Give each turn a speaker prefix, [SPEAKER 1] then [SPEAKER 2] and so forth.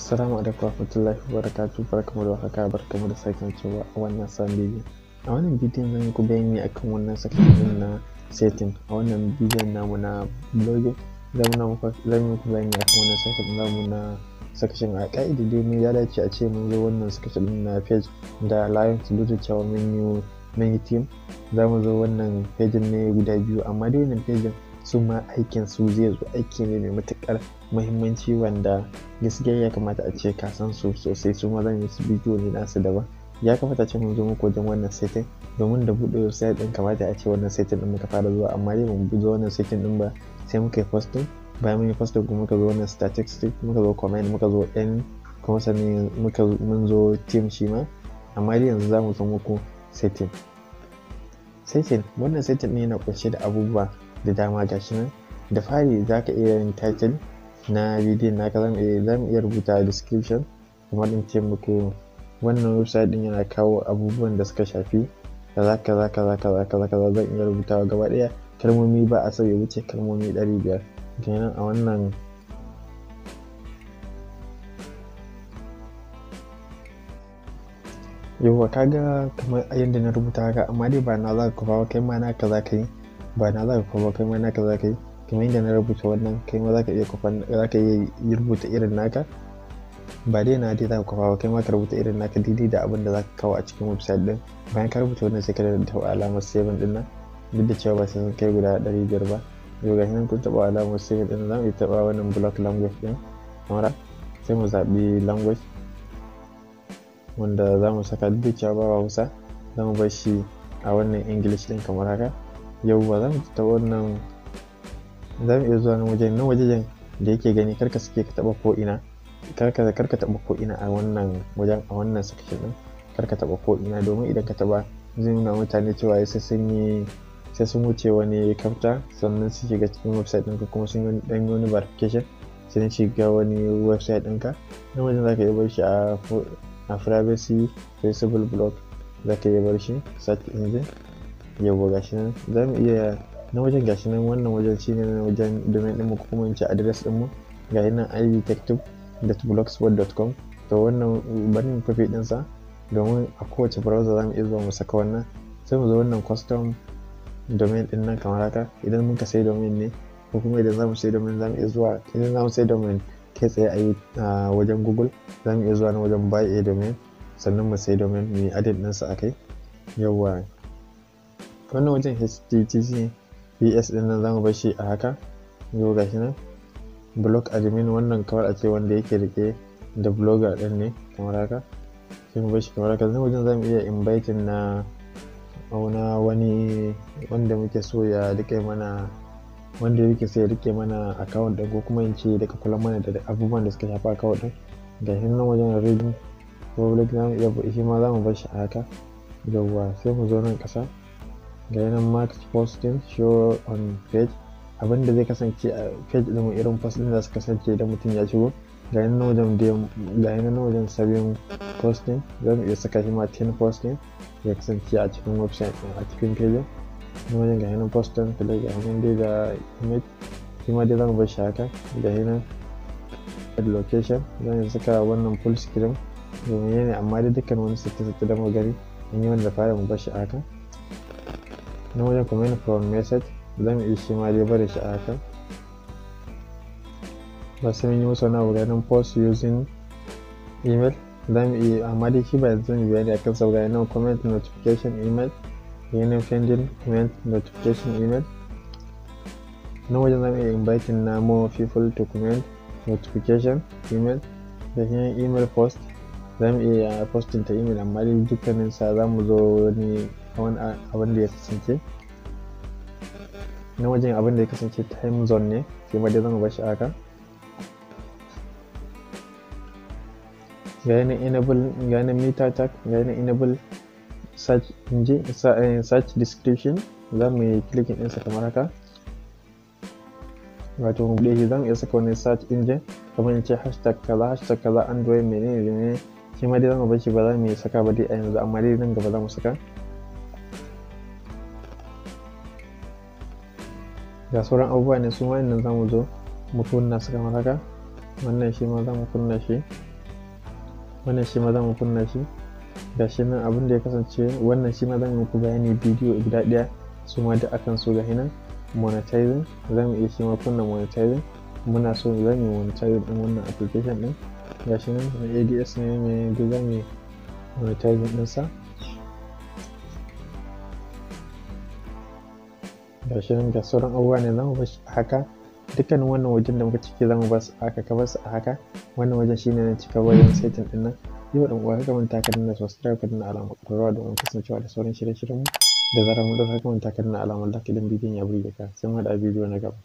[SPEAKER 1] Assalamu alaikum warahmatullahi wabarakatuh barkamu da warhaka barkamu da sake cewa a wannan sabon bidiyon. A wannan bidiyon zan ku bayani akan wannan sakin na setting a wannan bidiyon namu na blogging zamu na muku zamu ku bayani akan wannan sakin namu na section a ka'ida dai mun ya dace a ce mun zo wannan section din na page da lion to da cewa mun yi mun yi team zan zo wannan page ne guda biyu amma dai wannan page su ma aikin su zai zo aiki ne mai matukar muhimmanci wanda gaskiya ya kamata a ce ka san su sosai su ma zan yi su bidiyo ne nasu daban ya kamata ce mun zo muku wajen wannan setting domin da buɗe website ɗin kamata a ce wannan setting ɗin muka fara zuwa amma dai mun zo wannan setting ɗin ba sai muka yi posting bayan mun yi posting kuma muka zo wannan statistics muka zo command muka zo n kuma sannan muka mun zo team shi ma amma dai yanzu za mu zo muku setting setting wannan setting ne yana kunshe da abubuwa da dama gashi nan da fari za ka iya yin title na bidiyon naka za mu iya rubuta description kamar in ce muku wannan website din yana kawo abubuwan da suka shafi kaza kaza kaza kaza kaza ka zan iya rubutawa gaba daya kalmomi ba a sauya wuce kalmomi 500 kenan a wannan yauwa kaga kamar yadda na rubuta ka amma dai ba na za ka wa kai ma na ka za ka yi ba na za ka kuma kai ma naka za ka yi kamar yadda na rubuta wannan kai ma za ka iya kwafa za ka iya rubuta irin naka ba dai na dai za ka kwafa ba kai ma ka rubuta irin naka daidai da abin da za ka kawo a cikin website din bayan ka rubuta wannan sai ka da alamar saving din nan duk da cewa ba sai sun kai guda ɗari biyar ba yau ga nan kun taɓa alamar saving din za mu iya taɓa wannan block language din kamar sai mu zaɓi language wanda za mu saka duk da cewa ba kusa za mu bar shi a wannan english din kamar haka yauwa za mu wannan za mu iya zuwa nan waje nan wajen da yake gani karka suke ka taba ko ina karka karka taba ko ina a wannan wajen a wannan section din karka taba ko ina domin idan ka taba zai nuna mutane cewa sai sun yi sai sun wuce wani kafta sannan su shiga cikin website ɗinka kuma sun yi wani verification sai shiga wani website ɗinka nan wajen ka iya barci a privacy principal block zaka iya barci search engine yau gashi nan za mu iya na wajen gashi nan wannan wajen shi ne na wajen domin ɗin ko kuma in adres address ɗinmu ga yi nan ivtechtube.blogspot.com to wannan banin mu kofi ɗinsa domin a kowace browser za mu iya zuwa mu saka wannan sai mu zo wannan custom domain ɗin nan kamar haka idan muka sai domain ne ko kuma idan za mu sai domain za mu iya zuwa idan za mu sai domain kai tsaye a wajen google za mu iya zuwa na wajen buy a domain sannan mu sai domin mu yi adin ɗinsa a kai yawwa wannan wajen http ps din nan zamu bar shi a haka yau shi nan blog admin wannan kawar a ce wanda yake rike da blogger din ne kamar haka shi mu bar shi kamar haka zan wajen zamu iya invite na auna wani wanda muke so ya rike mana wanda yake so ya rike mana account din ko kuma in ce daga kula mana da abubuwan da suka shafi account din ga shi nan wajen reading ko blog iya shi ma zamu bar shi a haka yawwa sai mu zo nan kasa gayanan mark match posting show on page abin da zai kasance a page din irin post din da su kasance idan mutum ya shigo gayanan wajen ga yanan wajen sabin posting za mu iya saka shi ma 10 posting ya kasance a cikin website din a cikin page na wajen gayanan yanan posting kula ga dai ga image shi ma dai za mu bar shi haka gayanan yanan location za mu saka wannan full screen domin yana amma dai dukkan wani sake-sake da magani an yi wanda fara mu bar shi haka na wajen comment from message zan za mu iya shi ma dai bari shi a haka ba sai yi musu wani abu ganin post using email zan mu iya amma dai shi ba zan yi bayani akan sa ga nan comment notification email yanin pending comment notification email na wajen zan mu iya inviting na more people to comment notification email da yanin email post za mu iya postin ta email amma dai dukkanin sa za mu zo wani abin da ya kasance na wajen abin da ya kasance time zone ne shi ma dai zan ba shi aka gani enable gani meter tag gani enable search engine eh, search description za mu yi clicking ɗinsa kamar haka wato mu bude shi za mu iya saka wani search engine kamar ce hashtag kaza hashtag kaza android menene menene shi ma dai zama mu bar shi ba za mu yi saka ba dai a yanzu amma dai nan gaba za mu saka ga sauran abubuwa ne su nan za mu zo mu kunna su kamar haka wannan shi ma za mu kunna shi wannan shi ma za mu kunna shi ga shi nan abin da ya kasance wannan shi ma za mu muku bayani bidiyo guda ɗaya su ma da akan so ga hinan monetizing za mu iya shi ma kunna monetizing muna so za mu yi monetizing ɗin wannan application ɗin gashi nan nan ads ne mai google mai wani ɗinsa ga shi nan ga sauran abubuwa ne zama ba shi a haka dukkanin wannan wajen da muka cike zama ba su a haka ka bar su a haka wannan wajen shine na cika wajen setin ɗin nan yau dan uwa ka manta ka danna subscribe ka danna alamar ƙararrawa domin kasancewa da sauran shirye-shiryen mu da zarar mu ɗauka ka manta ka danna alamar like idan bidiyon ya burge ka sai mu haɗa bidiyo na gaba